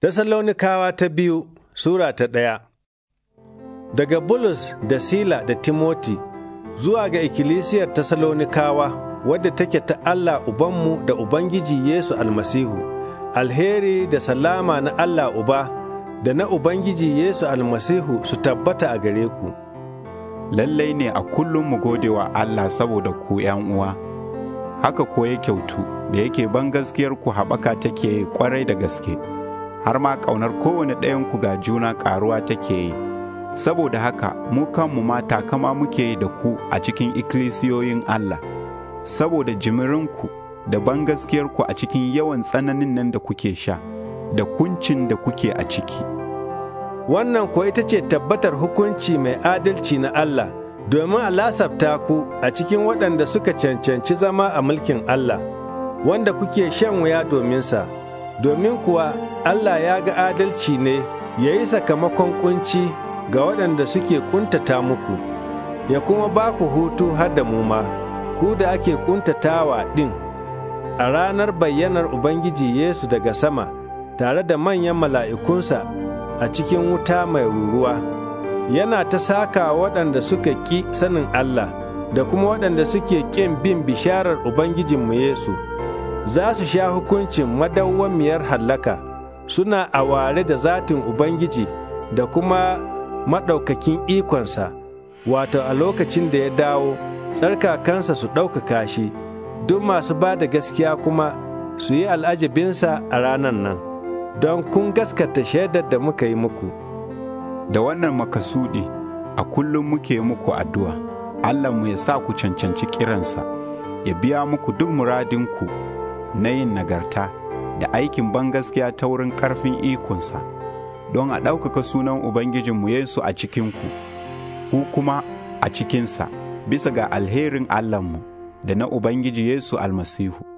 Tessalonikawa ta biyu Sura ta ɗaya Daga Bulus da Sila da Timoti zuwa ga ikkilisiyar Tessalonikawa wadda take ta Allah Ubanmu da Ubangiji Yesu Almasihu, alheri da salama na Allah Uba da na Ubangiji Yesu Almasihu su tabbata a gare ku. Lallai ne a kullum mu gode wa Allah saboda ku 'yan uwa. haka ko ya kyautu da yake ban gaskiyar ku haɓaka take kwarai da gaske. har ma ƙaunar kowane ɗayanku ga juna ƙaruwa take yi. Saboda haka, mu kanmu mata kama muke da ku a cikin ikkilisiyoyin Allah, saboda jimirinku da bangaskiyarku a cikin yawan tsananin nan da kuke sha, da kuncin da kuke a ciki. Wannan kuwa ita ce tabbatar hukunci mai adalci na Allah, domin a lasafta ku a cikin waɗanda suka cancanci zama a mulkin Allah, wanda kuke shan wuya dominsa. domin kuwa Allah ya ga adalci ne ya yi sakamakon kunci ga waɗanda suke kuntata muku, ya kuma ba ku hutu har da mu ku da ake kuntatawa ɗin a ranar bayyanar Ubangiji Yesu daga sama tare da manyan mala'ikunsa a cikin wuta mai ruruwa, yana ta saka waɗanda suka ƙi sanin Allah da kuma waɗanda suke ƙin bin bisharar Ubangijinmu Yesu. za su sha hukuncin madawwamiyar hallaka suna aware da zatin Ubangiji da kuma maɗaukakin ikonsa, wato a lokacin da ya dawo tsarkakansa su ɗaukaka shi, duk masu ba da gaskiya kuma su yi al'ajabinsa a ranar nan, don kun gaskata shaidar da muka yi muku. Da wannan makasudi a kullum muke muku addu'a, Allah mu ya sa ku cancanci kiransa, ya biya muku duk muradinku. na yin nagarta da aikin bangaskiya ta wurin ƙarfin ikonsa don a ɗaukaka sunan Ubangijinmu Yesu a cikinku, ku kuma a cikinsa bisa ga alherin Allahnmu da na Ubangiji Yesu almasihu.